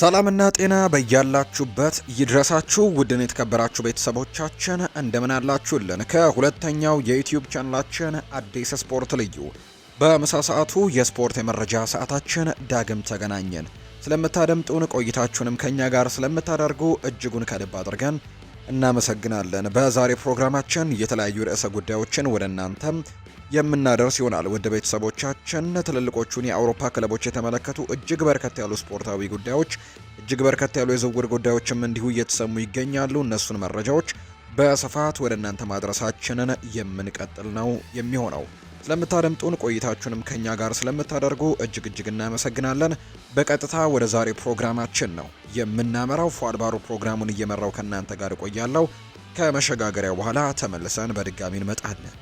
ሰላምና ጤና በያላችሁበት ይድረሳችሁ። ውድን የተከበራችሁ ቤተሰቦቻችን እንደምን አላችሁልን? ከሁለተኛው የዩትዩብ ቻናላችን አዲስ ስፖርት ልዩ በምሳ ሰዓቱ የስፖርት የመረጃ ሰዓታችን ዳግም ተገናኘን። ስለምታደምጡን ቆይታችሁንም ከእኛ ጋር ስለምታደርጉ እጅጉን ከልብ አድርገን እናመሰግናለን። በዛሬ ፕሮግራማችን የተለያዩ ርዕሰ ጉዳዮችን ወደ እናንተም የምናደርስ ይሆናል። ውድ ቤተሰቦቻችን ትልልቆቹን የአውሮፓ ክለቦች የተመለከቱ እጅግ በርከት ያሉ ስፖርታዊ ጉዳዮች፣ እጅግ በርከት ያሉ የዝውውር ጉዳዮችም እንዲሁ እየተሰሙ ይገኛሉ። እነሱን መረጃዎች በስፋት ወደ እናንተ ማድረሳችንን የምንቀጥል ነው የሚሆነው። ስለምታደምጡን ቆይታችሁንም ከኛ ጋር ስለምታደርጉ እጅግ እጅግ እናመሰግናለን። በቀጥታ ወደ ዛሬ ፕሮግራማችን ነው የምናመራው። ፏድባሩ ፕሮግራሙን እየመራው ከእናንተ ጋር እቆያለሁ። ከመሸጋገሪያ በኋላ ተመልሰን በድጋሚ እንመጣለን።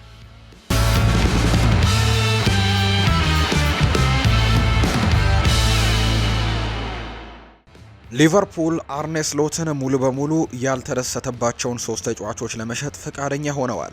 ሊቨርፑል አርኔስ ሎትን ሙሉ በሙሉ ያልተደሰተባቸውን ሶስት ተጫዋቾች ለመሸጥ ፈቃደኛ ሆነዋል።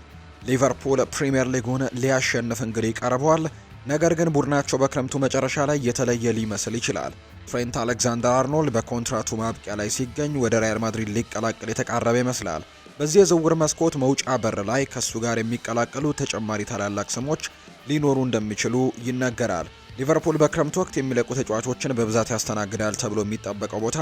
ሊቨርፑል ፕሪምየር ሊጉን ሊያሸንፍ እንግዲህ ቀርቧል። ነገር ግን ቡድናቸው በክረምቱ መጨረሻ ላይ የተለየ ሊመስል ይችላል። ትሬንት አሌክዛንደር አርኖልድ በኮንትራቱ ማብቂያ ላይ ሲገኝ ወደ ሪያል ማድሪድ ሊቀላቀል የተቃረበ ይመስላል። በዚህ የዝውውር መስኮት መውጫ በር ላይ ከእሱ ጋር የሚቀላቀሉ ተጨማሪ ታላላቅ ስሞች ሊኖሩ እንደሚችሉ ይነገራል። ሊቨርፑል በክረምት ወቅት የሚለቁ ተጫዋቾችን በብዛት ያስተናግዳል ተብሎ የሚጠበቀው ቦታ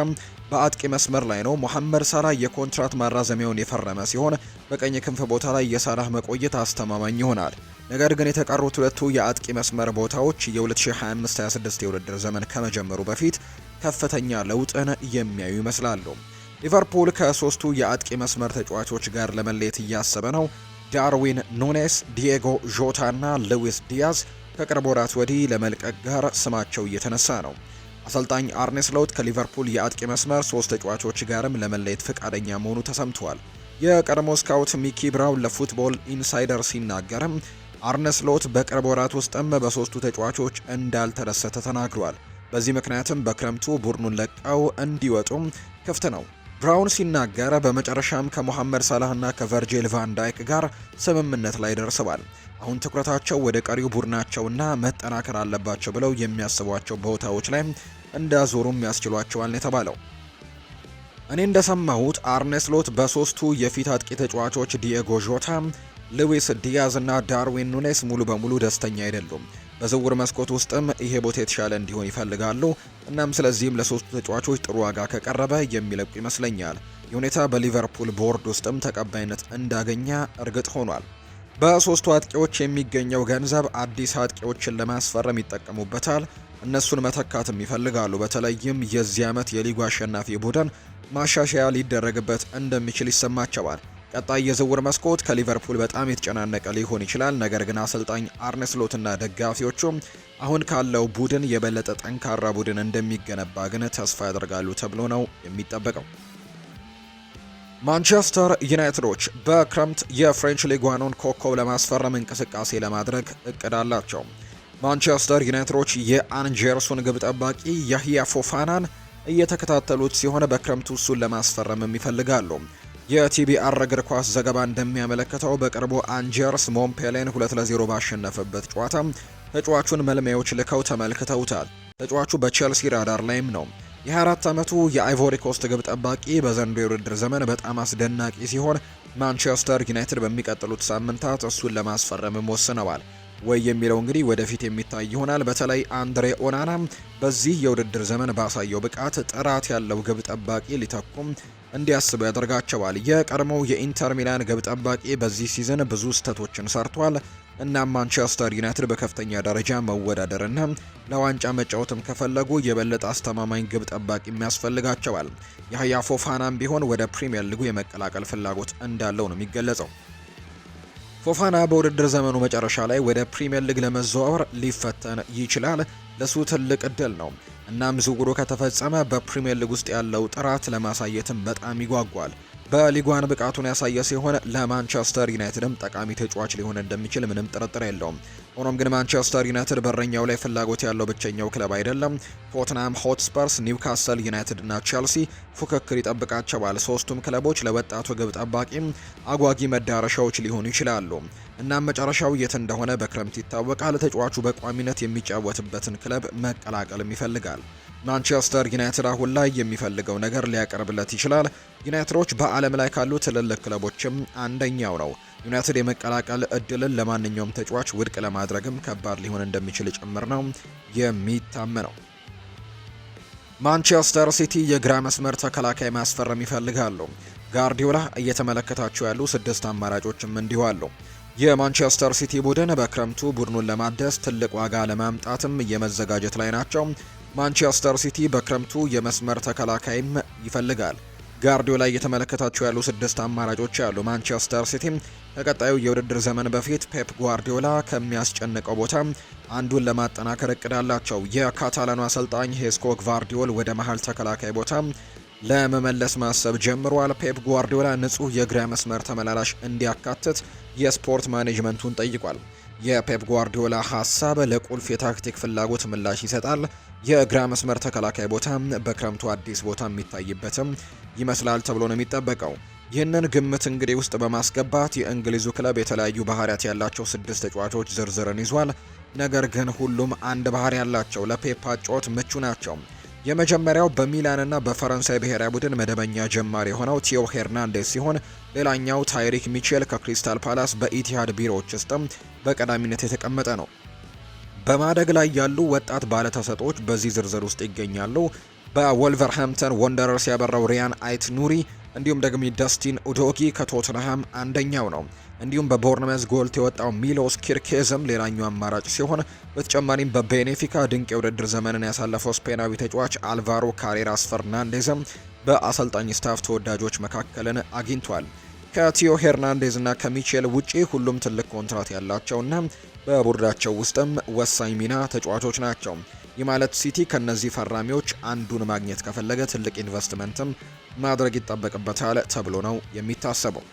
በአጥቂ መስመር ላይ ነው። ሞሐመድ ሳላህ የኮንትራት ማራዘሚያውን የፈረመ ሲሆን በቀኝ ክንፍ ቦታ ላይ የሳላህ መቆየት አስተማማኝ ይሆናል። ነገር ግን የተቀሩት ሁለቱ የአጥቂ መስመር ቦታዎች የ2025/26 የውድድር ዘመን ከመጀመሩ በፊት ከፍተኛ ለውጥን የሚያዩ ይመስላሉ። ሊቨርፑል ከሶስቱ የአጥቂ መስመር ተጫዋቾች ጋር ለመለየት እያሰበ ነው። ዳርዊን ኑኔስ፣ ዲየጎ ዦታ እና ሉዊስ ዲያዝ ከቅርብ ወራት ወዲህ ለመልቀቅ ጋር ስማቸው እየተነሳ ነው። አሰልጣኝ አርኔስ ለውት ከሊቨርፑል የአጥቂ መስመር ሶስት ተጫዋቾች ጋርም ለመለየት ፈቃደኛ መሆኑ ተሰምቷል። የቀድሞ ስካውት ሚኪ ብራውን ለፉትቦል ኢንሳይደር ሲናገርም አርነስ ሎት በቅርብ ወራት ውስጥም በሶስቱ ተጫዋቾች እንዳልተደሰተ ተናግሯል። በዚህ ምክንያትም በክረምቱ ቡድኑን ለቀው እንዲወጡም ክፍት ነው። ብራውን ሲናገር በመጨረሻም ከሞሐመድ ሳላህና ከቨርጂል ቫንዳይክ ጋር ስምምነት ላይ ደርሰዋል። አሁን ትኩረታቸው ወደ ቀሪው ቡድናቸውና መጠናከር አለባቸው ብለው የሚያስቧቸው ቦታዎች ላይ እንዳዞሩም ያስችሏቸዋል የተባለው። እኔ እንደሰማሁት አርኔስሎት በሶስቱ የፊት አጥቂ ተጫዋቾች ዲኤጎ ዦታ፣ ልዊስ ዲያዝ እና ዳርዊን ኑኔስ ሙሉ በሙሉ ደስተኛ አይደሉም። በዝውውር መስኮት ውስጥም ይሄ ቦታ የተሻለ እንዲሆን ይፈልጋሉ። እናም ስለዚህም ለሶስቱ ተጫዋቾች ጥሩ ዋጋ ከቀረበ የሚለቁ ይመስለኛል። የሁኔታ በሊቨርፑል ቦርድ ውስጥም ተቀባይነት እንዳገኘ እርግጥ ሆኗል። በሶስቱ አጥቂዎች የሚገኘው ገንዘብ አዲስ አጥቂዎችን ለማስፈረም ይጠቀሙበታል። እነሱን መተካትም ይፈልጋሉ። በተለይም የዚህ ዓመት የሊጉ አሸናፊ ቡድን ማሻሻያ ሊደረግበት እንደሚችል ይሰማቸዋል። ቀጣይ የዝውውር መስኮት ከሊቨርፑል በጣም የተጨናነቀ ሊሆን ይችላል። ነገር ግን አሰልጣኝ አርነ ስሎትና ደጋፊዎቹም አሁን ካለው ቡድን የበለጠ ጠንካራ ቡድን እንደሚገነባ ግን ተስፋ ያደርጋሉ ተብሎ ነው የሚጠበቀው። ማንቸስተር ዩናይትዶች በክረምት የፍሬንች ሊግ ዋኑን ኮከብ ለማስፈረም እንቅስቃሴ ለማድረግ እቅድ አላቸው። ማንቸስተር ዩናይትዶች የአንጀርሱን ግብ ጠባቂ ያህያ ፎፋናን እየተከታተሉት ሲሆን በክረምቱ እሱን ለማስፈረምም ይፈልጋሉ። የቲቢአር እግር ኳስ ዘገባ እንደሚያመለክተው በቅርቡ አንጀርስ ሞምፔሌን ሁለት ለዜሮ ባሸነፈበት ጨዋታ ተጫዋቹን መልማዮች ልከው ተመልክተውታል። ተጫዋቹ በቼልሲ ራዳር ላይም ነው። የ24 ዓመቱ የአይቮሪ ኮስት ግብ ጠባቂ በዘንድሮው የውድድር ዘመን በጣም አስደናቂ ሲሆን ማንቸስተር ዩናይትድ በሚቀጥሉት ሳምንታት እሱን ለማስፈረምም ወስነዋል። ወይ የሚለው እንግዲህ ወደፊት የሚታይ ይሆናል። በተለይ አንድሬ ኦናና በዚህ የውድድር ዘመን ባሳየው ብቃት ጥራት ያለው ግብ ጠባቂ ሊተኩም እንዲያስቡ ያደርጋቸዋል። የቀድሞው የኢንተር ሚላን ግብ ጠባቂ በዚህ ሲዝን ብዙ ስህተቶችን ሰርቷል እና ማንቸስተር ዩናይትድ በከፍተኛ ደረጃ መወዳደርና ለዋንጫ መጫወትም ከፈለጉ የበለጠ አስተማማኝ ግብ ጠባቂ ያስፈልጋቸዋል። ያህያ ፎፋናም ቢሆን ወደ ፕሪምየር ሊጉ የመቀላቀል ፍላጎት እንዳለው ነው የሚገለጸው። ፎፋና በውድድር ዘመኑ መጨረሻ ላይ ወደ ፕሪምየር ሊግ ለመዘዋወር ሊፈተን ይችላል። ለሱ ትልቅ እድል ነው። እናም ዝውውሩ ከተፈጸመ በፕሪምየር ሊግ ውስጥ ያለው ጥራት ለማሳየትም በጣም ይጓጓል። በሊጓን ብቃቱን ያሳየ ሲሆን ለማንቸስተር ዩናይትድም ጠቃሚ ተጫዋች ሊሆን እንደሚችል ምንም ጥርጥር የለውም። ሆኖም ግን ማንቸስተር ዩናይትድ በረኛው ላይ ፍላጎት ያለው ብቸኛው ክለብ አይደለም። ቶትናም ሆትስፐርስ፣ ኒውካስል ዩናይትድ እና ቼልሲ ፉክክር ይጠብቃቸዋል። ሶስቱም ክለቦች ለወጣቱ ግብ ጠባቂም አጓጊ መዳረሻዎች ሊሆኑ ይችላሉ። እናም መጨረሻው የት እንደሆነ በክረምት ይታወቃል። ተጫዋቹ በቋሚነት የሚጫወትበትን ክለብ መቀላቀልም ይፈልጋል። ማንቸስተር ዩናይትድ አሁን ላይ የሚፈልገው ነገር ሊያቀርብለት ይችላል። ዩናይትዶች በዓለም ላይ ካሉ ትልልቅ ክለቦችም አንደኛው ነው። ዩናይትድ የመቀላቀል እድልን ለማንኛውም ተጫዋች ውድቅ ለማድረግም ከባድ ሊሆን እንደሚችል ጭምር ነው የሚታመነው። ማንቸስተር ሲቲ የግራ መስመር ተከላካይ ማስፈረም ይፈልጋሉ። ጋርዲዮላ እየተመለከታቸው ያሉ ስድስት አማራጮችም እንዲሁ አሉ። የማንቸስተር ሲቲ ቡድን በክረምቱ ቡድኑን ለማደስ ትልቅ ዋጋ ለማምጣትም እየመዘጋጀት ላይ ናቸው። ማንቸስተር ሲቲ በክረምቱ የመስመር ተከላካይም ይፈልጋል። ጋርዲዮላ እየተመለከታቸው ያሉ ስድስት አማራጮች አሉ። ማንቸስተር ሲቲ ከቀጣዩ የውድድር ዘመን በፊት ፔፕ ጓርዲዮላ ከሚያስጨንቀው ቦታ አንዱን ለማጠናከር እቅድ አላቸው። የካታላኑ አሰልጣኝ ሄስኮ ወደ መሀል ተከላካይ ቦታ ለመመለስ ማሰብ ጀምሯል። ፔፕ ጓርዲዮላ ንጹህ የግራ መስመር ተመላላሽ እንዲያካትት የስፖርት ማኔጅመንቱን ጠይቋል። የፔፕ ጓርዲዮላ ሀሳብ ለቁልፍ የታክቲክ ፍላጎት ምላሽ ይሰጣል። የግራ መስመር ተከላካይ ቦታ በክረምቱ አዲስ ቦታ የሚታይበትም ይመስላል ተብሎ ነው የሚጠበቀው። ይህንን ግምት እንግዲህ ውስጥ በማስገባት የእንግሊዙ ክለብ የተለያዩ ባህሪያት ያላቸው ስድስት ተጫዋቾች ዝርዝርን ይዟል። ነገር ግን ሁሉም አንድ ባህሪ ያላቸው ለፔፓ ጨዋታ ምቹ ናቸው። የመጀመሪያው በሚላንና በፈረንሳይ ብሔራዊ ቡድን መደበኛ ጀማሪ የሆነው ቲዮ ሄርናንዴስ ሲሆን ሌላኛው ታይሪክ ሚቼል ከክሪስታል ፓላስ በኢቲሃድ ቢሮዎች ውስጥም በቀዳሚነት የተቀመጠ ነው። በማደግ ላይ ያሉ ወጣት ባለተሰጦች በዚህ ዝርዝር ውስጥ ይገኛሉ። በወልቨርሃምተን ወንደረርስ ያበራው ሪያን አይት ኑሪ እንዲሁም ደግሞ ዳስቲን ኡዶጊ ከቶትንሃም አንደኛው ነው። እንዲሁም በቦርንመዝ ጎልት የወጣው ሚሎስ ኪርኬዝም ሌላኛው አማራጭ ሲሆን በተጨማሪም በቤኔፊካ ድንቅ የውድድር ዘመንን ያሳለፈው ስፔናዊ ተጫዋች አልቫሮ ካሬራስ ፈርናንዴዝም በአሰልጣኝ ስታፍ ተወዳጆች መካከልን አግኝቷል። ከቲዮ ሄርናንዴዝ እና ከሚቼል ውጪ ሁሉም ትልቅ ኮንትራት ያላቸውና በቡድናቸው ውስጥም ወሳኝ ሚና ተጫዋቾች ናቸው። ይህ ማለት ሲቲ ከነዚህ ፈራሚዎች አንዱን ማግኘት ከፈለገ ትልቅ ኢንቨስትመንትም ማድረግ ይጠበቅበታል ተብሎ ነው የሚታሰበው።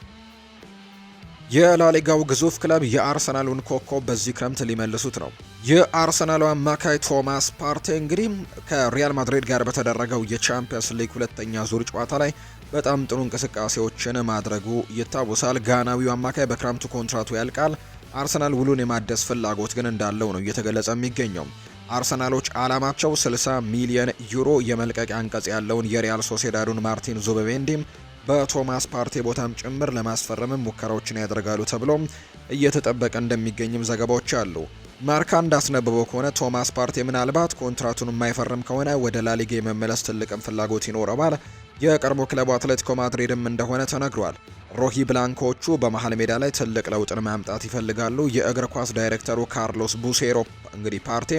የላሊጋው ግዙፍ ክለብ የአርሰናሉን ኮከብ በዚህ ክረምት ሊመልሱት ነው። የአርሰናሉ አማካይ ቶማስ ፓርቴ እንግዲህ ከሪያል ማድሪድ ጋር በተደረገው የቻምፒየንስ ሊግ ሁለተኛ ዙር ጨዋታ ላይ በጣም ጥሩ እንቅስቃሴዎችን ማድረጉ ይታወሳል። ጋናዊው አማካይ በክረምቱ ኮንትራቱ ያልቃል። አርሰናል ውሉን የማደስ ፍላጎት ግን እንዳለው ነው እየተገለጸ የሚገኘው። አርሰናሎች ዓላማቸው 60 ሚሊዮን ዩሮ የመልቀቂያ አንቀጽ ያለውን የሪያል ሶሴዳዱን ማርቲን ዙበቤንዲም በቶማስ ፓርቴ ቦታም ጭምር ለማስፈረምም ሙከራዎችን ያደርጋሉ ተብሎ እየተጠበቀ እንደሚገኝም ዘገባዎች አሉ። ማርካ እንዳስነበበው ከሆነ ቶማስ ፓርቴ ምናልባት ኮንትራቱን የማይፈርም ከሆነ ወደ ላሊጋ የመመለስ ትልቅም ፍላጎት ይኖረዋል። የቀድሞ ክለቡ አትሌቲኮ ማድሪድም እንደሆነ ተነግሯል። ሮሂ ብላንኮቹ በመሀል ሜዳ ላይ ትልቅ ለውጥን ማምጣት ይፈልጋሉ። የእግር ኳስ ዳይሬክተሩ ካርሎስ ቡሴሮ እንግዲህ ፓርቴ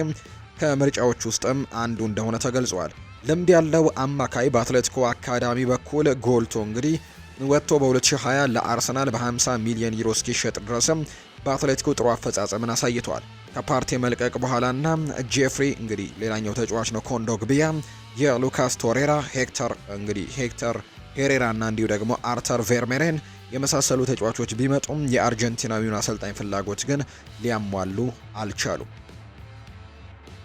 ከምርጫዎች ውስጥም አንዱ እንደሆነ ተገልጿል። ልምድ ያለው አማካይ በአትሌቲኮ አካዳሚ በኩል ጎልቶ እንግዲህ ወጥቶ በ2020 ለአርሰናል በ50 ሚሊዮን ዩሮ እስኪሸጥ ድረስም በአትሌቲኮ ጥሩ አፈጻጸምን አሳይቷል። ከፓርቲ መልቀቅ በኋላና ጄፍሪ እንግዲህ ሌላኛው ተጫዋች ነው። ኮንዶግቢያ፣ የሉካስ ቶሬራ፣ ሄክተር እንግዲህ ሄክተር ሄሬራ እና እንዲሁ ደግሞ አርተር ቬርሜሬን የመሳሰሉ ተጫዋቾች ቢመጡም የአርጀንቲናዊውን አሰልጣኝ ፍላጎት ግን ሊያሟሉ አልቻሉም።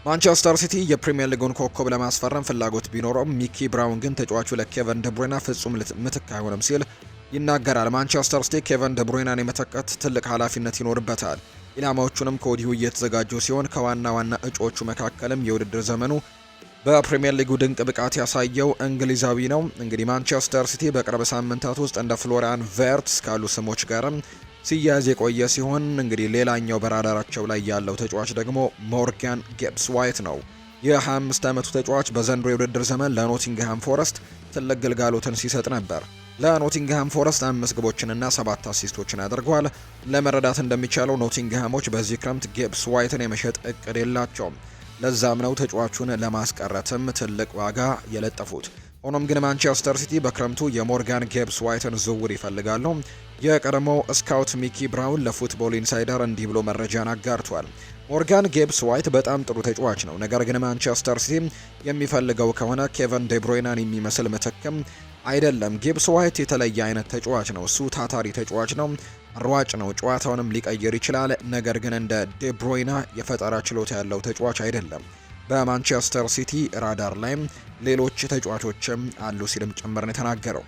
ማንቸስተር ሲቲ የፕሪምየር ሊጉን ኮከብ ለማስፈረም ፍላጎት ቢኖረውም ሚኪ ብራውን ግን ተጫዋቹ ለኬቨን ደብሩይና ፍጹም ምትክ አይሆንም ሲል ይናገራል። ማንቸስተር ሲቲ ኬቨን ደብሩይናን የመተከት ትልቅ ኃላፊነት ይኖርበታል። ኢላማዎቹንም ከወዲሁ እየተዘጋጁ ሲሆን ከዋና ዋና እጩዎቹ መካከልም የውድድር ዘመኑ በፕሪምየር ሊጉ ድንቅ ብቃት ያሳየው እንግሊዛዊ ነው። እንግዲህ ማንቸስተር ሲቲ በቅርብ ሳምንታት ውስጥ እንደ ፍሎሪያን ቨርትስ ካሉ ስሞች ጋርም ሲያያዝ የቆየ ሲሆን እንግዲህ ሌላኛው በራዳራቸው ላይ ያለው ተጫዋች ደግሞ ሞርጋን ጌብስ ዋይት ነው። የ25 ዓመቱ ተጫዋች በዘንድሮ የውድድር ዘመን ለኖቲንግሃም ፎረስት ትልቅ ግልጋሎትን ሲሰጥ ነበር። ለኖቲንግሃም ፎረስት አምስት ግቦችንና ሰባት አሲስቶችን አድርጓል። ለመረዳት እንደሚቻለው ኖቲንግሃሞች በዚህ ክረምት ጌብስ ዋይትን የመሸጥ እቅድ የላቸውም። ለዛም ነው ተጫዋቹን ለማስቀረትም ትልቅ ዋጋ የለጠፉት። ሆኖም ግን ማንቸስተር ሲቲ በክረምቱ የሞርጋን ጌብስ ዋይትን ዝውውር ይፈልጋሉ። የቀድሞው ስካውት ሚኪ ብራውን ለፉትቦል ኢንሳይደር እንዲህ ብሎ መረጃን አጋርቷል። ሞርጋን ጌብስ ዋይት በጣም ጥሩ ተጫዋች ነው፣ ነገር ግን ማንቸስተር ሲቲ የሚፈልገው ከሆነ ኬቨን ዴብሮይናን የሚመስል ምትክም አይደለም። ጌብስ ዋይት የተለየ አይነት ተጫዋች ነው። እሱ ታታሪ ተጫዋች ነው፣ ሯጭ ነው፣ ጨዋታውንም ሊቀይር ይችላል። ነገር ግን እንደ ዴብሮይና የፈጠራ ችሎታ ያለው ተጫዋች አይደለም። በማንቸስተር ሲቲ ራዳር ላይም ሌሎች ተጫዋቾችም አሉ ሲልም ጭምር ነው የተናገረው።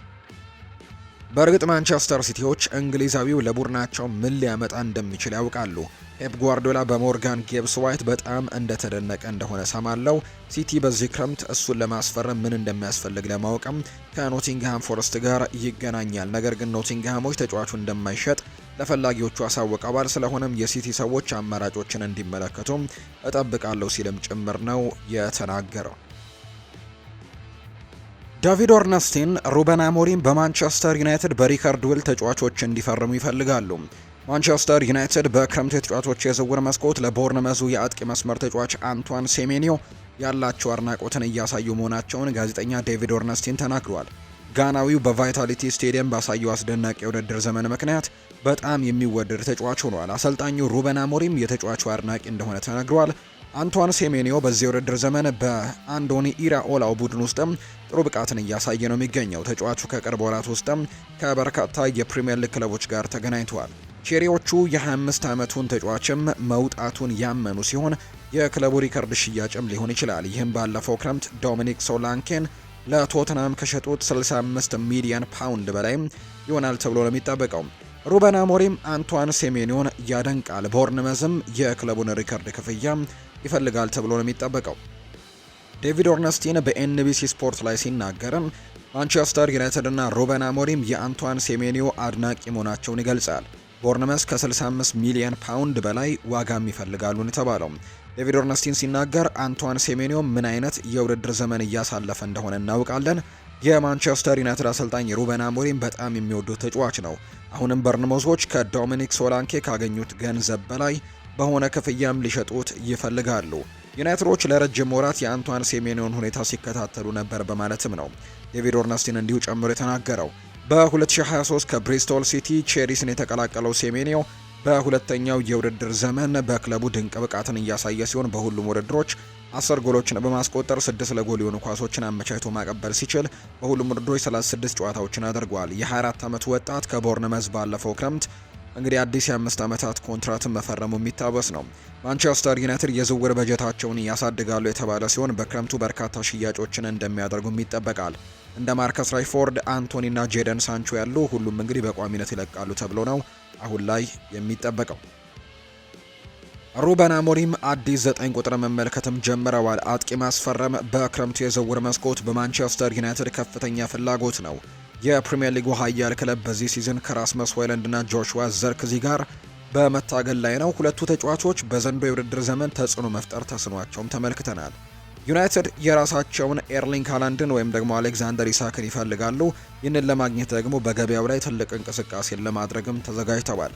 በእርግጥ ማንቸስተር ሲቲዎች እንግሊዛዊው ለቡድናቸው ምን ሊያመጣ እንደሚችል ያውቃሉ። ፔፕ ጓርዶላ በሞርጋን ጌብስ ዋይት በጣም እንደተደነቀ እንደሆነ ሰማለው። ሲቲ በዚህ ክረምት እሱን ለማስፈረም ምን እንደሚያስፈልግ ለማወቅም ከኖቲንግሃም ፎረስት ጋር ይገናኛል። ነገር ግን ኖቲንግሃሞች ተጫዋቹ እንደማይሸጥ ለፈላጊዎቹ አሳውቀዋል። ስለሆነም የሲቲ ሰዎች አማራጮችን እንዲመለከቱም እጠብቃለሁ ሲልም ጭምር ነው የተናገረው። ዳቪድ ኦርነስቲን ሩበን አሞሪም በማንቸስተር ዩናይትድ በሪካርድ ውል ተጫዋቾች እንዲፈርሙ ይፈልጋሉ። ማንቸስተር ዩናይትድ በክረምት የተጫዋቾች የዝውውር መስኮት ለቦርንመዙ የአጥቂ መስመር ተጫዋች አንቷን ሴሜኒዮ ያላቸው አድናቆትን እያሳዩ መሆናቸውን ጋዜጠኛ ዴቪድ ኦርነስቲን ተናግሯል። ጋናዊው በቫይታሊቲ ስቴዲየም ባሳየው አስደናቂ የውድድር ዘመን ምክንያት በጣም የሚወደድ ተጫዋች ሆኗል። አሰልጣኙ ሩበን አሞሪም የተጫዋቹ አድናቂ እንደሆነ ተነግሯል። አንቷን ሴሜኒዮ በዚህ የውድድር ዘመን በአንዶኒ ኢራኦላው ቡድን ውስጥም ጥሩ ብቃትን እያሳየ ነው የሚገኘው። ተጫዋቹ ከቅርብ ወራት ውስጥም ከበርካታ የፕሪምየር ሊግ ክለቦች ጋር ተገናኝተዋል። ቼሪዎቹ የ25 ዓመቱን ተጫዋችም መውጣቱን ያመኑ ሲሆን የክለቡ ሪከርድ ሽያጭም ሊሆን ይችላል። ይህም ባለፈው ክረምት ዶሚኒክ ሶላንኬን ለቶትናም ከሸጡት 65 ሚሊዮን ፓውንድ በላይም ይሆናል ተብሎ ነው የሚጠበቀው። ሩበን አሞሪም አንቷን ሴሜኒዮን ያደንቃል። ቦርንመዝም የክለቡን ሪከርድ ክፍያ ይፈልጋል ተብሎ ነው የሚጠበቀው። ዴቪድ ኦርነስቲን በኤንቢሲ ስፖርት ላይ ሲናገርም ማንቸስተር ዩናይትድ እና ሩበን አሞሪም የአንቷን ሴሜኒዮ አድናቂ መሆናቸውን ይገልጻል። ቦርንመስ ከ65 ሚሊዮን ፓውንድ በላይ ዋጋም ይፈልጋሉን የተባለው ዴቪድ ኦርነስቲን ሲናገር አንቷን ሴሜኒዮ ምን አይነት የውድድር ዘመን እያሳለፈ እንደሆነ እናውቃለን። የማንቸስተር ዩናይትድ አሰልጣኝ ሩበን አሞሪም በጣም የሚወዱት ተጫዋች ነው አሁንም በርንሞሶች ከዶሚኒክ ሶላንኬ ካገኙት ገንዘብ በላይ በሆነ ክፍያም ሊሸጡት ይፈልጋሉ። ዩናይትዶች ለረጅም ወራት የአንቷን ሴሜኒዮን ሁኔታ ሲከታተሉ ነበር በማለትም ነው ዴቪድ ኦርነስቲን እንዲሁ ጨምሮ የተናገረው። በ2023 ከብሪስቶል ሲቲ ቼልሲን የተቀላቀለው ሴሜኒዮ በሁለተኛው የውድድር ዘመን በክለቡ ድንቅ ብቃትን እያሳየ ሲሆን በሁሉም ውድድሮች አስር ጎሎችን በማስቆጠር ስድስት ለጎል የሆኑ ኳሶችን አመቻችቶ ማቀበል ሲችል በሁሉም ውድድሮች 36 ጨዋታዎችን አድርጓል። የ24 ዓመቱ ወጣት ከቦርነመዝ ባለፈው ክረምት እንግዲህ አዲስ የአምስት ዓመታት ኮንትራትን መፈረሙ የሚታወስ ነው። ማንቸስተር ዩናይትድ የዝውውር በጀታቸውን ያሳድጋሉ የተባለ ሲሆን በክረምቱ በርካታ ሽያጮችን እንደሚያደርጉም ይጠበቃል። እንደ ማርከስ ራይፎርድ፣ አንቶኒና ጄደን ሳንቾ ያሉ ሁሉም እንግዲህ በቋሚነት ይለቃሉ ተብሎ ነው አሁን ላይ የሚጠበቀው። ሩበን አሞሪም አዲስ ዘጠኝ ቁጥር መመልከትም ጀምረዋል። አጥቂ ማስፈረም በክረምቱ የዝውውር መስኮት በማንቸስተር ዩናይትድ ከፍተኛ ፍላጎት ነው። የፕሪምየር ሊጉ ኃያል ክለብ በዚህ ሲዝን ከራስመስ ሆይለንድና ጆሹዋ ዘርክዚ ጋር በመታገል ላይ ነው። ሁለቱ ተጫዋቾች በዘንዶ የውድድር ዘመን ተጽዕኖ መፍጠር ተስኗቸውም ተመልክተናል። ዩናይትድ የራሳቸውን ኤርሊንግ ሃላንድን ወይም ደግሞ አሌክዛንደር ኢሳክን ይፈልጋሉ። ይህንን ለማግኘት ደግሞ በገበያው ላይ ትልቅ እንቅስቃሴን ለማድረግም ተዘጋጅተዋል።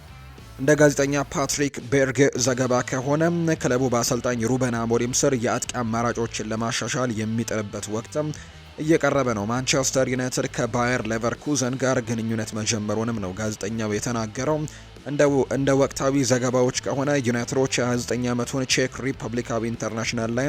እንደ ጋዜጠኛ ፓትሪክ ቤርግ ዘገባ ከሆነ ክለቡ በአሰልጣኝ ሩበን አሞሪም ስር የአጥቂ አማራጮችን ለማሻሻል የሚጥርበት ወቅትም እየቀረበ ነው። ማንቸስተር ዩናይትድ ከባየር ሌቨርኩዘን ጋር ግንኙነት መጀመሩንም ነው ጋዜጠኛው የተናገረው። እንደ ወቅታዊ ዘገባዎች ከሆነ ዩናይትዶች የ29 ዓመቱን ቼክ ሪፐብሊካዊ ኢንተርናሽናል ላይ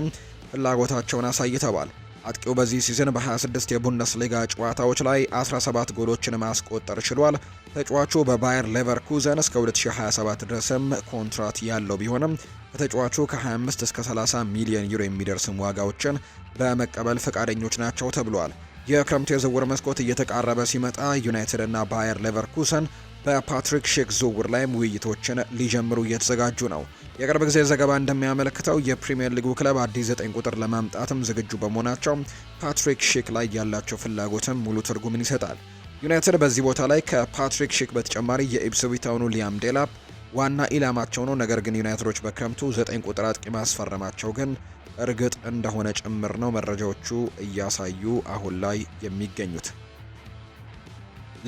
ፍላጎታቸውን አሳይተዋል። አጥቂው በዚህ ሲዝን በ26 የቡንደስሊጋ ጨዋታዎች ላይ 17 ጎሎችን ማስቆጠር ችሏል። ተጫዋቹ በባየር ሌቨርኩዘን እስከ 2027 ድረስም ኮንትራት ያለው ቢሆንም ከተጫዋቹ ከ25 እስከ 30 ሚሊዮን ዩሮ የሚደርስም ዋጋዎችን በመቀበል ፈቃደኞች ናቸው ተብሏል። የክረምቱ የዝውውር መስኮት እየተቃረበ ሲመጣ ዩናይትድ እና ባየር ሌቨርኩሰን በፓትሪክ ሼክ ዝውውር ላይም ውይይቶችን ሊጀምሩ እየተዘጋጁ ነው። የቅርብ ጊዜ ዘገባ እንደሚያመለክተው የፕሪምየር ሊጉ ክለብ አዲስ ዘጠኝ ቁጥር ለማምጣትም ዝግጁ በመሆናቸው ፓትሪክ ሼክ ላይ ያላቸው ፍላጎትም ሙሉ ትርጉምን ይሰጣል። ዩናይትድ በዚህ ቦታ ላይ ከፓትሪክ ሼክ በተጨማሪ የኢፕስዊታውኑ ሊያም ዴላፕ ዋና ኢላማቸው ነው። ነገር ግን ዩናይትዶች በክረምቱ ዘጠኝ ቁጥር አጥቂ ማስፈረማቸው ግን እርግጥ እንደሆነ ጭምር ነው መረጃዎቹ እያሳዩ አሁን ላይ የሚገኙት።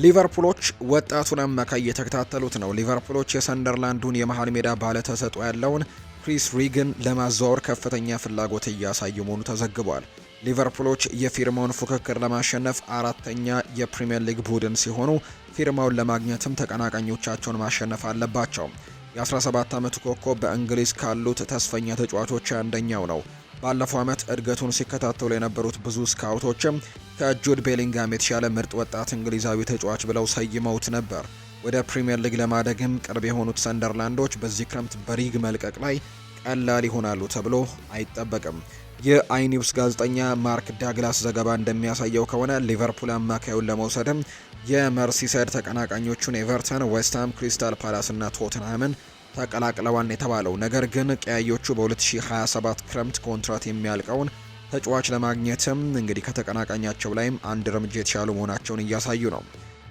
ሊቨርፑሎች ወጣቱን አማካይ እየተከታተሉት ነው። ሊቨርፑሎች የሰንደርላንዱን የመሀል ሜዳ ባለተሰጦ ያለውን ክሪስ ሪግን ለማዘዋወር ከፍተኛ ፍላጎት እያሳዩ መሆኑ ተዘግቧል። ሊቨርፑሎች የፊርማውን ፉክክር ለማሸነፍ አራተኛ የፕሪምየር ሊግ ቡድን ሲሆኑ ፊርማውን ለማግኘትም ተቀናቃኞቻቸውን ማሸነፍ አለባቸው። የ17 ዓመቱ ኮከብ በእንግሊዝ ካሉት ተስፈኛ ተጫዋቾች አንደኛው ነው። ባለፈው ዓመት እድገቱን ሲከታተሉ የነበሩት ብዙ ስካውቶችም ከጁድ ቤሊንጋም የተሻለ ምርጥ ወጣት እንግሊዛዊ ተጫዋች ብለው ሰይመውት ነበር። ወደ ፕሪምየር ሊግ ለማደግም ቅርብ የሆኑት ሰንደርላንዶች በዚህ ክረምት በሪግ መልቀቅ ላይ ቀላል ይሆናሉ ተብሎ አይጠበቅም። የአይኒውስ ጋዜጠኛ ማርክ ዳግላስ ዘገባ እንደሚያሳየው ከሆነ ሊቨርፑል አማካዩን ለመውሰድም የመርሲሳይድ ተቀናቃኞቹን ኤቨርተን፣ ዌስትሃም፣ ክሪስታል ፓላስ እና ቶትንሃምን ተቀላቅለዋል የተባለው። ነገር ግን ቀያዮቹ በ2027 ክረምት ኮንትራት የሚያልቀውን ተጫዋች ለማግኘትም እንግዲህ ከተቀናቃኛቸው ላይም አንድ እርምጃ የተሻሉ መሆናቸውን እያሳዩ ነው።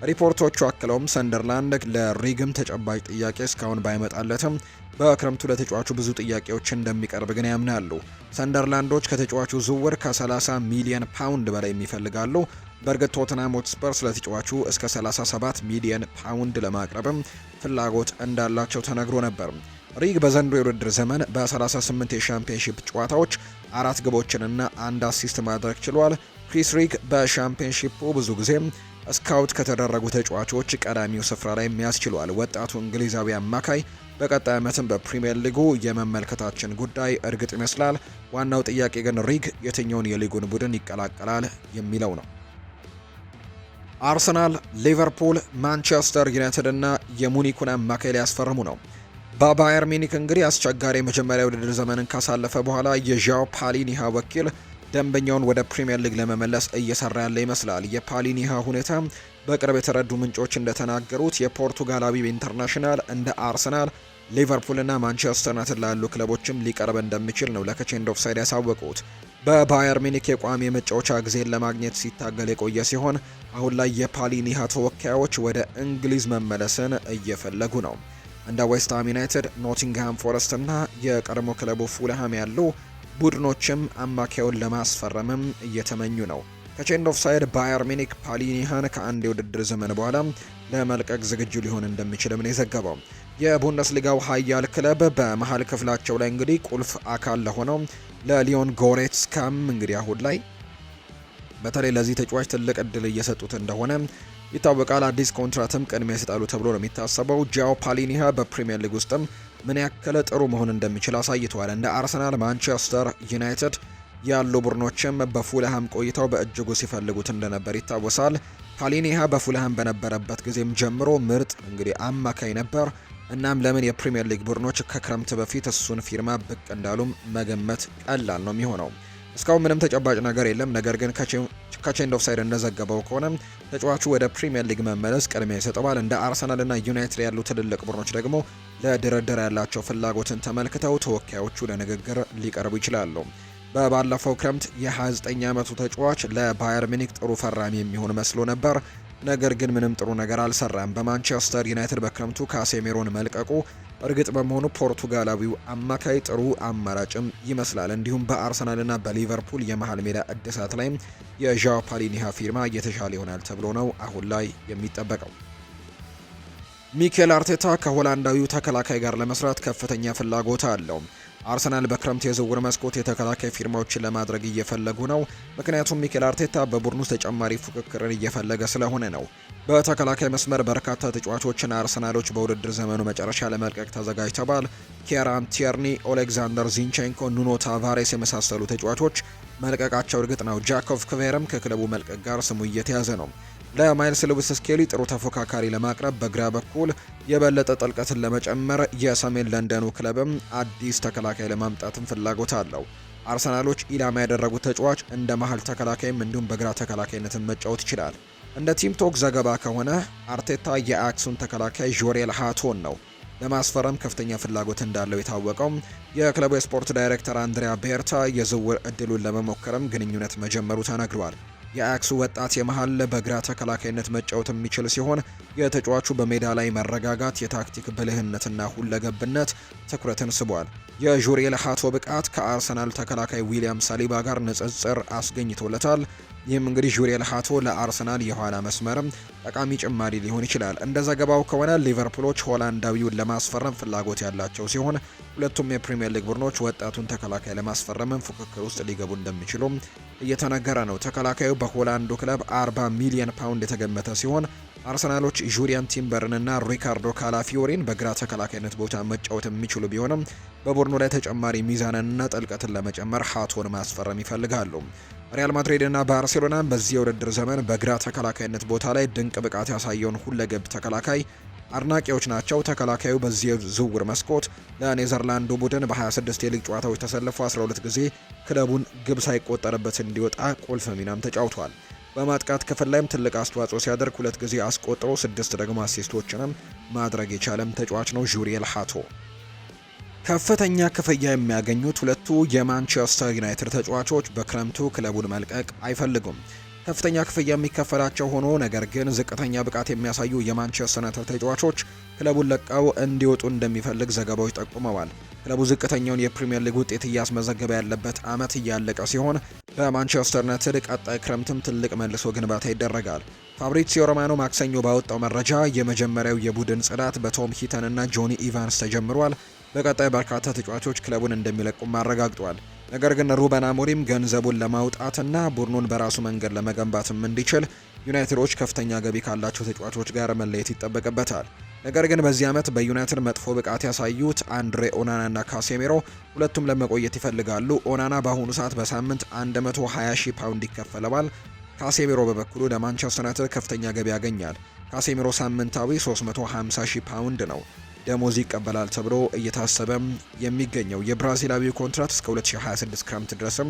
ሪፖርቶቹ አክለውም ሰንደርላንድ ለሪግም ተጨባጭ ጥያቄ እስካሁን ባይመጣለትም በክረምቱ ለተጫዋቹ ብዙ ጥያቄዎች እንደሚቀርብ ግን ያምናሉ። ሰንደርላንዶች ከተጫዋቹ ዝውውር ከ30 ሚሊዮን ፓውንድ በላይ የሚፈልጋሉ። በእርግጥ ቶትናም ሆትስፐርስ ለተጫዋቹ እስከ 37 ሚሊየን ፓውንድ ለማቅረብም ፍላጎት እንዳላቸው ተነግሮ ነበር። ሪግ በዘንድሮ የውድድር ዘመን በ38 የሻምፒዮንሺፕ ጨዋታዎች አራት ግቦችንና አንድ አሲስት ማድረግ ችሏል። ክሪስ ሪግ በሻምፒዮንሺፑ ብዙ ጊዜ ስካውት ከተደረጉ ተጫዋቾች ቀዳሚው ስፍራ ላይ የሚያስችሏል። ወጣቱ እንግሊዛዊ አማካይ በቀጣይ ዓመትም በፕሪምየር ሊጉ የመመልከታችን ጉዳይ እርግጥ ይመስላል። ዋናው ጥያቄ ግን ሪግ የትኛውን የሊጉን ቡድን ይቀላቀላል የሚለው ነው። አርሰናል፣ ሊቨርፑል፣ ማንቸስተር ዩናይትድ እና የሙኒኩን አማካይ ሊያስፈርሙ ነው። በባየር ሚኒክ እንግዲህ አስቸጋሪ የመጀመሪያ ውድድር ዘመንን ካሳለፈ በኋላ የዣው ፓሊኒሃ ወኪል ደንበኛውን ወደ ፕሪምየር ሊግ ለመመለስ እየሰራ ያለ ይመስላል። የፓሊኒሃ ሁኔታ በቅርብ የተረዱ ምንጮች እንደተናገሩት የፖርቱጋላዊ ኢንተርናሽናል እንደ አርሰናል፣ ሊቨርፑልና ማንቸስተር ዩናይትድ ላሉ ክለቦችም ሊቀርብ እንደሚችል ነው ለከቼንድ ኦፍሳይድ ያሳወቁት። በባየር ሚኒክ የቋሚ መጫወቻ ጊዜን ለማግኘት ሲታገል የቆየ ሲሆን አሁን ላይ የፓሊኒሃ ተወካዮች ወደ እንግሊዝ መመለስን እየፈለጉ ነው። እንደ ዌስትሃም ዩናይትድ፣ ኖቲንግሃም ፎረስት እና የቀድሞ ክለቡ ፉልሃም ያሉ ቡድኖችም አማካዩን ለማስፈረምም እየተመኙ ነው። ከቼንድ ኦፍ ሳይድ ባየር ሚኒክ ፓሊኒሃን ከአንድ የውድድር ዘመን በኋላ ለመልቀቅ ዝግጁ ሊሆን እንደሚችልም ነው የዘገበው። የቡንደስሊጋው ሀያል ክለብ በመሀል ክፍላቸው ላይ እንግዲህ ቁልፍ አካል ለሆነው ለሊዮን ጎሬትስካም እንግዲህ አሁን ላይ በተለይ ለዚህ ተጫዋች ትልቅ እድል እየሰጡት እንደሆነ ይታወቃል። አዲስ ኮንትራትም ቅድሚያ ይሰጣሉ ተብሎ ነው የሚታሰበው። ጃው ፓሊኒሃ በፕሪምየር ሊግ ውስጥም ምን ያከለ ጥሩ መሆን እንደሚችል አሳይተዋል። እንደ አርሰናል፣ ማንቸስተር ዩናይትድ ያሉ ቡድኖችም በፉልሃም ቆይታው በእጅጉ ሲፈልጉት እንደነበር ይታወሳል። ፓሊኒሃ በፉልሃም በነበረበት ጊዜም ጀምሮ ምርጥ እንግዲህ አማካይ ነበር። እናም ለምን የፕሪምየር ሊግ ቡድኖች ከክረምት በፊት እሱን ፊርማ ብቅ እንዳሉም መገመት ቀላል ነው የሚሆነው። እስካሁን ምንም ተጨባጭ ነገር የለም። ነገር ግን ከቼንድ ኦፍ ሳይድ እንደዘገበው ከሆነ ተጫዋቹ ወደ ፕሪምየር ሊግ መመለስ ቅድሚያ ይሰጠዋል። እንደ አርሰናል ና ዩናይትድ ያሉ ትልልቅ ቡድኖች ደግሞ ለድርድር ያላቸው ፍላጎትን ተመልክተው ተወካዮቹ ለንግግር ሊቀርቡ ይችላሉ። በባለፈው ክረምት የ29 ዓመቱ ተጫዋች ለባየር ሚኒክ ጥሩ ፈራሚ የሚሆን መስሎ ነበር። ነገር ግን ምንም ጥሩ ነገር አልሰራም። በማንቸስተር ዩናይትድ በክረምቱ ካሴሜሮን መልቀቁ እርግጥ በመሆኑ ፖርቱጋላዊው አማካይ ጥሩ አማራጭም ይመስላል። እንዲሁም በአርሰናልና በሊቨርፑል የመሃል ሜዳ እድሳት ላይ የዣው ፓሊኒሃ ፊርማ እየተሻለ ይሆናል ተብሎ ነው አሁን ላይ የሚጠበቀው። ሚኬል አርቴታ ከሆላንዳዊው ተከላካይ ጋር ለመስራት ከፍተኛ ፍላጎት አለው። አርሰናል በክረምት የዝውውር መስኮት የተከላካይ ፊርማዎችን ለማድረግ እየፈለጉ ነው። ምክንያቱም ሚኬል አርቴታ በቡድኑ ውስጥ ተጨማሪ ፉክክርን እየፈለገ ስለሆነ ነው። በተከላካይ መስመር በርካታ ተጫዋቾችን አርሰናሎች በውድድር ዘመኑ መጨረሻ ለመልቀቅ ተዘጋጅተዋል። ኪያራን ቲየርኒ፣ ኦሌግዛንደር ዚንቼንኮ፣ ኑኖ ታቫሬስ የመሳሰሉ ተጫዋቾች መልቀቃቸው እርግጥ ነው። ጃኮቭ ክቬርም ከክለቡ መልቀቅ ጋር ስሙ እየተያዘ ነው። ለማይልስ ሉዊስ ስኬሊ ጥሩ ተፎካካሪ ለማቅረብ በግራ በኩል የበለጠ ጥልቀትን ለመጨመር የሰሜን ለንደኑ ክለብም አዲስ ተከላካይ ለማምጣትም ፍላጎት አለው። አርሰናሎች ኢላማ ያደረጉት ተጫዋች እንደ መሀል ተከላካይም እንዲሁም በግራ ተከላካይነትን መጫወት ይችላል። እንደ ቲምቶክ ዘገባ ከሆነ አርቴታ የአክሱን ተከላካይ ዦሬል ሃቶን ነው ለማስፈረም ከፍተኛ ፍላጎት እንዳለው የታወቀው የክለቡ የስፖርት ዳይሬክተር አንድሪያ ቤርታ የዝውውር እድሉን ለመሞከርም ግንኙነት መጀመሩ ተነግሯል። የአያክሱ ወጣት የመሀል በግራ ተከላካይነት መጫወት የሚችል ሲሆን የተጫዋቹ በሜዳ ላይ መረጋጋት፣ የታክቲክ ብልህነትና ሁለገብነት ትኩረትን ስቧል። የዡሪየል ለሃቶ ብቃት ከአርሰናል ተከላካይ ዊሊያም ሳሊባ ጋር ንጽጽር አስገኝቶለታል። ይህም እንግዲህ ዡሪየል ሃቶ ለአርሰናል የኋላ መስመርም ጠቃሚ ጭማሪ ሊሆን ይችላል። እንደ ዘገባው ከሆነ ሊቨርፑሎች ሆላንዳዊውን ለማስፈረም ፍላጎት ያላቸው ሲሆን ሁለቱም የፕሪምየር ሊግ ቡድኖች ወጣቱን ተከላካይ ለማስፈረምም ፉክክር ውስጥ ሊገቡ እንደሚችሉ እየተነገረ ነው። ተከላካዩ በሆላንዱ ክለብ 40 ሚሊዮን ፓውንድ የተገመተ ሲሆን አርሰናሎች ዡሪያን ቲምበርንና ሪካርዶ ካላፊዮሪን በግራ ተከላካይነት ቦታ መጫወት የሚችሉ ቢሆንም በቡድኑ ላይ ተጨማሪ ሚዛንንና ጥልቀትን ለመጨመር ሃቶን ማስፈረም ይፈልጋሉ። ሪያል ማድሪድና ባርሴሎና በዚህ የውድድር ዘመን በግራ ተከላካይነት ቦታ ላይ ድንቅ ብቃት ያሳየውን ሁለገብ ተከላካይ አድናቂዎች ናቸው። ተከላካዩ በዚህ ዝውውር መስኮት ለኔዘርላንዱ ቡድን በ26 የሊግ ጨዋታዎች ተሰልፎ 12 ጊዜ ክለቡን ግብ ሳይቆጠርበት እንዲወጣ ቁልፍ ሚናም ተጫውቷል። በማጥቃት ክፍል ላይም ትልቅ አስተዋጽኦ ሲያደርግ ሁለት ጊዜ አስቆጥሮ ስድስት ደግሞ አሲስቶችንም ማድረግ የቻለም ተጫዋች ነው ዡሪየል ሃቶ። ከፍተኛ ክፍያ የሚያገኙት ሁለቱ የማንቸስተር ዩናይትድ ተጫዋቾች በክረምቱ ክለቡን መልቀቅ አይፈልጉም። ከፍተኛ ክፍያ የሚከፈላቸው ሆኖ ነገር ግን ዝቅተኛ ብቃት የሚያሳዩ የማንቸስተር ዩናይትድ ተጫዋቾች ክለቡን ለቀው እንዲወጡ እንደሚፈልግ ዘገባዎች ጠቁመዋል። ክለቡ ዝቅተኛውን የፕሪምየር ሊግ ውጤት እያስመዘገበ ያለበት ዓመት እያለቀ ሲሆን በማንቸስተር ዩናይትድ ቀጣይ ክረምትም ትልቅ መልሶ ግንባታ ይደረጋል። ፋብሪዚዮ ሮማኖ ማክሰኞ ባወጣው መረጃ የመጀመሪያው የቡድን ጽዳት በቶም ሂተን እና ጆኒ ኢቫንስ ተጀምሯል። በቀጣይ በርካታ ተጫዋቾች ክለቡን እንደሚለቁም አረጋግጧል። ነገር ግን ሩበን አሞሪም ገንዘቡን ለማውጣትና ቡድኑን በራሱ መንገድ ለመገንባትም እንዲችል ዩናይትዶች ከፍተኛ ገቢ ካላቸው ተጫዋቾች ጋር መለየት ይጠበቅበታል። ነገር ግን በዚህ ዓመት በዩናይትድ መጥፎ ብቃት ያሳዩት አንድሬ ኦናና እና ካሴሜሮ ሁለቱም ለመቆየት ይፈልጋሉ። ኦናና በአሁኑ ሰዓት በሳምንት 120 ሺህ ፓውንድ ይከፈለዋል። ካሴሜሮ በበኩሉ ለማንቸስተር ዩናይትድ ከፍተኛ ገቢ ያገኛል። ካሴሜሮ ሳምንታዊ 350 ሺህ ፓውንድ ነው። ደሞዝ ይቀበላል ተብሎ እየታሰበ የሚገኘው የብራዚላዊ ኮንትራት እስከ 2026 ክረምት ድረስም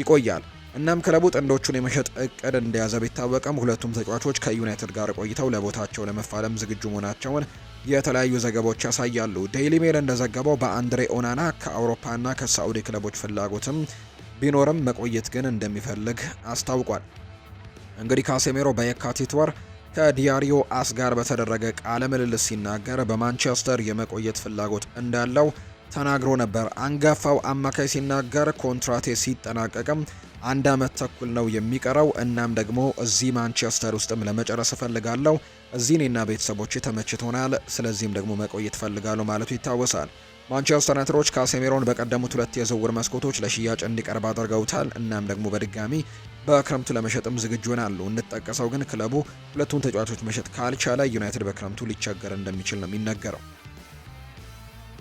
ይቆያል። እናም ክለቡ ጥንዶቹን የመሸጥ እቅድ እንደያዘ ቢታወቅም ሁለቱም ተጫዋቾች ከዩናይትድ ጋር ቆይተው ለቦታቸው ለመፋለም ዝግጁ መሆናቸውን የተለያዩ ዘገባዎች ያሳያሉ። ዴይሊ ሜል እንደዘገበው በአንድሬ ኦናና ከአውሮፓና ከሳዑዲ ክለቦች ፍላጎትም ቢኖርም መቆየት ግን እንደሚፈልግ አስታውቋል። እንግዲህ ካሴሜሮ በየካቲት ወር ከዲያሪዮ አስ ጋር በተደረገ ቃለ ምልልስ ሲናገር በማንቸስተር የመቆየት ፍላጎት እንዳለው ተናግሮ ነበር። አንጋፋው አማካይ ሲናገር ኮንትራቴ ሲጠናቀቅም አንድ ዓመት ተኩል ነው የሚቀረው። እናም ደግሞ እዚህ ማንቸስተር ውስጥም ለመጨረስ እፈልጋለሁ። እዚህ እኔና ቤተሰቦቼ ተመችቶናል። ስለዚህም ደግሞ መቆየት እፈልጋለሁ ማለቱ ይታወሳል። ማንቸስተር ነትሮች ካሴሜሮን በቀደሙት ሁለት የዝውውር መስኮቶች ለሽያጭ እንዲቀርብ አድርገውታል። እናም ደግሞ በድጋሚ በክረምቱ ለመሸጥም ዝግጁ ይሆናሉ። እንጠቀሰው ግን ክለቡ ሁለቱን ተጫዋቾች መሸጥ ካልቻለ ዩናይትድ በክረምቱ ሊቸገር እንደሚችል ነው የሚነገረው።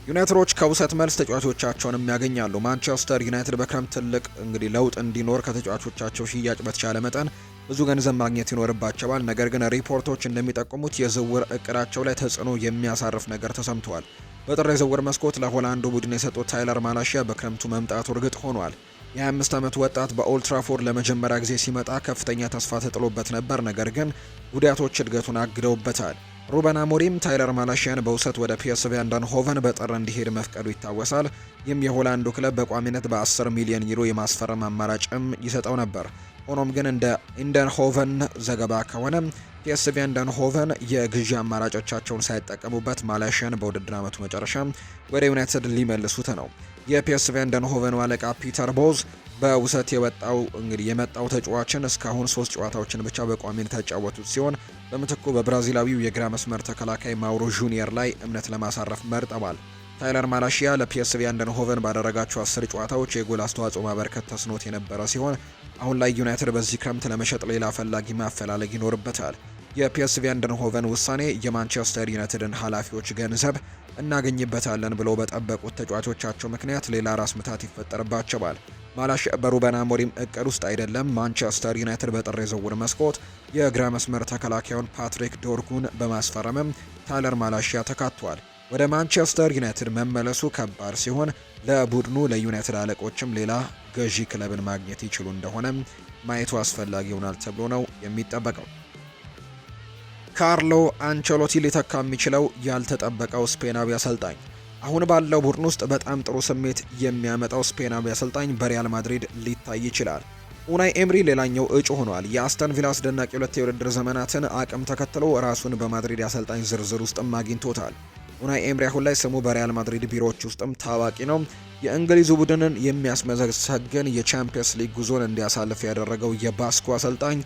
ዩናይትዶች ከውሰት መልስ ተጫዋቾቻቸውንም ያገኛሉ። ማንቸስተር ዩናይትድ በክረምት ትልቅ እንግዲህ ለውጥ እንዲኖር ከተጫዋቾቻቸው ሽያጭ በተቻለ መጠን ብዙ ገንዘብ ማግኘት ይኖርባቸዋል። ነገር ግን ሪፖርቶች እንደሚጠቁሙት የዝውውር እቅዳቸው ላይ ተጽዕኖ የሚያሳርፍ ነገር ተሰምተዋል። በጥር የዝውውር መስኮት ለሆላንዱ ቡድን የሰጡት ታይለር ማላሺያ በክረምቱ መምጣቱ እርግጥ ሆኗል። የ25 ዓመት ወጣት በኦልትራፎርድ ለመጀመሪያ ጊዜ ሲመጣ ከፍተኛ ተስፋ ተጥሎበት ነበር፣ ነገር ግን ጉዳቶች እድገቱን አግደውበታል። ሩበን አሞሪም ታይለር ማላሺያን በውሰት ወደ ፒኤስቪ ሆቨን በጥር እንዲሄድ መፍቀዱ ይታወሳል። ይህም የሆላንዱ ክለብ በቋሚነት በ10 ሚሊዮን ዩሮ የማስፈረም አማራጭም ይሰጠው ነበር። ሆኖም ግን እንደ ኢንደንሆቨን ዘገባ ከሆነ ፒኤስቪ ኢንደንሆቨን የግዢ አማራጮቻቸውን ሳይጠቀሙበት ማላሽያን በውድድር ዓመቱ መጨረሻ ወደ ዩናይትድ ሊመልሱት ነው። የፒኤስቪ ኢንደንሆቨን አለቃ ፒተር ቦዝ በውሰት የወጣው እንግዲህ የመጣው ተጫዋችን እስካሁን ሶስት ጨዋታዎችን ብቻ በቋሚነት ተጫወቱት ሲሆን በምትኩ በብራዚላዊው የግራ መስመር ተከላካይ ማውሮ ጁኒየር ላይ እምነት ለማሳረፍ መርጠዋል። ታይለር ማላሺያ ለፒኤስቪ አንደንሆቨን ባደረጋቸው አስር ጨዋታዎች የጎል አስተዋጽኦ ማበርከት ተስኖት የነበረ ሲሆን አሁን ላይ ዩናይትድ በዚህ ክረምት ለመሸጥ ሌላ ፈላጊ ማፈላለግ ይኖርበታል። የፒኤስቪ አንደንሆቨን ውሳኔ የማንቸስተር ዩናይትድን ኃላፊዎች ገንዘብ እናገኝበታለን ብለው በጠበቁት ተጫዋቾቻቸው ምክንያት ሌላ ራስ ምታት ይፈጠርባቸዋል። ማላሽ በሩበን አሞሪም እቅድ ውስጥ አይደለም። ማንቸስተር ዩናይትድ በጥር የዝውውር መስኮት የግራ መስመር ተከላካዩን ፓትሪክ ዶርጉን በማስፈረምም ታይለር ማላሽያ ተካቷል። ወደ ማንቸስተር ዩናይትድ መመለሱ ከባድ ሲሆን ለቡድኑ ለዩናይትድ አለቆችም ሌላ ገዢ ክለብን ማግኘት ይችሉ እንደሆነም ማየቱ አስፈላጊ ይሆናል ተብሎ ነው የሚጠበቀው። ካርሎ አንቸሎቲ ሊተካ የሚችለው ያልተጠበቀው ስፔናዊ አሰልጣኝ አሁን ባለው ቡድን ውስጥ በጣም ጥሩ ስሜት የሚያመጣው ስፔናዊ አሰልጣኝ በሪያል ማድሪድ ሊታይ ይችላል። ኡናይ ኤምሪ ሌላኛው እጩ ሆኗል። የአስተን ቪላ አስደናቂ ሁለት የውድድር ዘመናትን አቅም ተከትሎ ራሱን በማድሪድ አሰልጣኝ ዝርዝር ውስጥም አግኝቶታል። ኡናይ ኤምሪ አሁን ላይ ስሙ በሪያል ማድሪድ ቢሮዎች ውስጥም ታዋቂ ነው። የእንግሊዙ ቡድንን የሚያስመሰግን የቻምፒየንስ ሊግ ጉዞን እንዲያሳልፍ ያደረገው የባስኩ አሰልጣኝ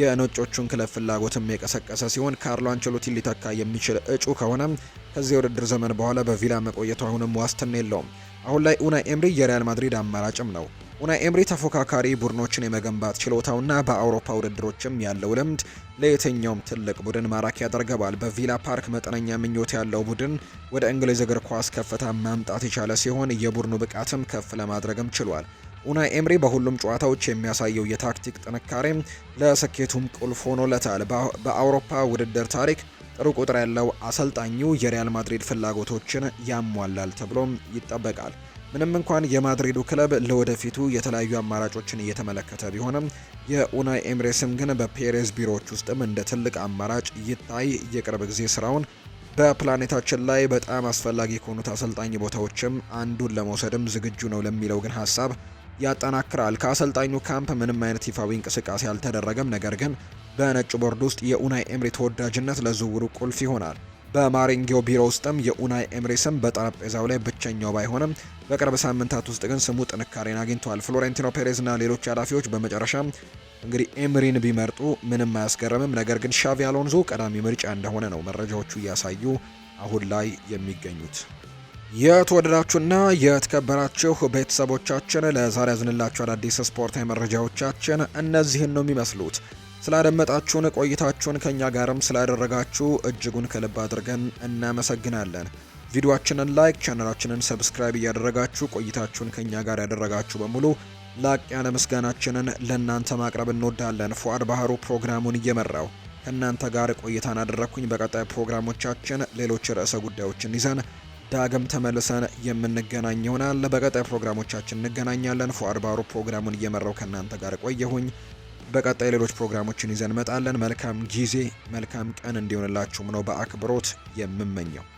የነጮቹን ክለብ ፍላጎትም የቀሰቀሰ ሲሆን ካርሎ አንቸሎቲን ሊተካ የሚችል እጩ ከሆነ ከዚህ የውድድር ዘመን በኋላ በቪላ መቆየቱ አሁንም ዋስትና የለውም። አሁን ላይ ኡናይ ኤምሪ የሪያል ማድሪድ አማራጭም ነው። ኡናይ ኤምሪ ተፎካካሪ ቡድኖችን የመገንባት ችሎታውና በአውሮፓ ውድድሮችም ያለው ልምድ ለየትኛውም ትልቅ ቡድን ማራኪ ያደርገዋል። በቪላ ፓርክ መጠነኛ ምኞት ያለው ቡድን ወደ እንግሊዝ እግር ኳስ ከፍታ ማምጣት የቻለ ሲሆን የቡድኑ ብቃትም ከፍ ለማድረግም ችሏል። ኡናይ ኤምሪ በሁሉም ጨዋታዎች የሚያሳየው የታክቲክ ጥንካሬ ለስኬቱም ቁልፍ ሆኖለታል። በአውሮፓ ውድድር ታሪክ ጥሩ ቁጥር ያለው አሰልጣኙ የሪያል ማድሪድ ፍላጎቶችን ያሟላል ተብሎም ይጠበቃል። ምንም እንኳን የማድሪዱ ክለብ ለወደፊቱ የተለያዩ አማራጮችን እየተመለከተ ቢሆንም የኡናይ ኤምሬስም ግን በፔሬዝ ቢሮዎች ውስጥም እንደ ትልቅ አማራጭ ይታይ። የቅርብ ጊዜ ስራውን በፕላኔታችን ላይ በጣም አስፈላጊ ከሆኑት አሰልጣኝ ቦታዎችም አንዱን ለመውሰድም ዝግጁ ነው ለሚለው ግን ሀሳብ ያጠናክራል። ከአሰልጣኙ ካምፕ ምንም አይነት ይፋዊ እንቅስቃሴ አልተደረገም። ነገር ግን በነጭ ቦርድ ውስጥ የኡናይ ኤምሪ ተወዳጅነት ለዝውውሩ ቁልፍ ይሆናል። በማሪንጌው ቢሮ ውስጥም የኡናይ ኤምሪ ስም በጠረጴዛው ላይ ብቸኛው ባይሆንም በቅርብ ሳምንታት ውስጥ ግን ስሙ ጥንካሬን አግኝቷል። ፍሎሬንቲኖ ፔሬዝ እና ሌሎች ኃላፊዎች በመጨረሻ እንግዲህ ኤምሪን ቢመርጡ ምንም አያስገርምም። ነገር ግን ሻቪ አሎንዞ ቀዳሚ ምርጫ እንደሆነ ነው መረጃዎቹ እያሳዩ አሁን ላይ የሚገኙት። የተወደዳችሁና የተከበራችሁ ቤተሰቦቻችን ለዛሬ ያዝንላችሁ አዳዲስ ስፖርታዊ መረጃዎቻችን እነዚህን ነው የሚመስሉት። ስላደመጣችሁን ቆይታችሁን ከእኛ ጋርም ስላደረጋችሁ እጅጉን ከልብ አድርገን እናመሰግናለን። ቪዲዮአችንን ላይክ፣ ቻነላችንን ሰብስክራይብ እያደረጋችሁ ቆይታችሁን ከእኛ ጋር ያደረጋችሁ በሙሉ ላቅ ያለ ምስጋናችንን ለእናንተ ማቅረብ እንወዳለን። ፉአድ ባህሩ ፕሮግራሙን እየመራው ከእናንተ ጋር ቆይታን አደረግኩኝ። በቀጣይ ፕሮግራሞቻችን ሌሎች ርዕሰ ጉዳዮችን ይዘን ዳግም ተመልሰን የምንገናኝ ይሆናል። በቀጣይ ፕሮግራሞቻችን እንገናኛለን። ፉአድ ባህሩ ፕሮግራሙን እየመራው ከእናንተ ጋር ቆየሁኝ። በቀጣይ ሌሎች ፕሮግራሞችን ይዘን መጣለን። መልካም ጊዜ፣ መልካም ቀን እንዲሆንላችሁም ነው በአክብሮት የምመኘው።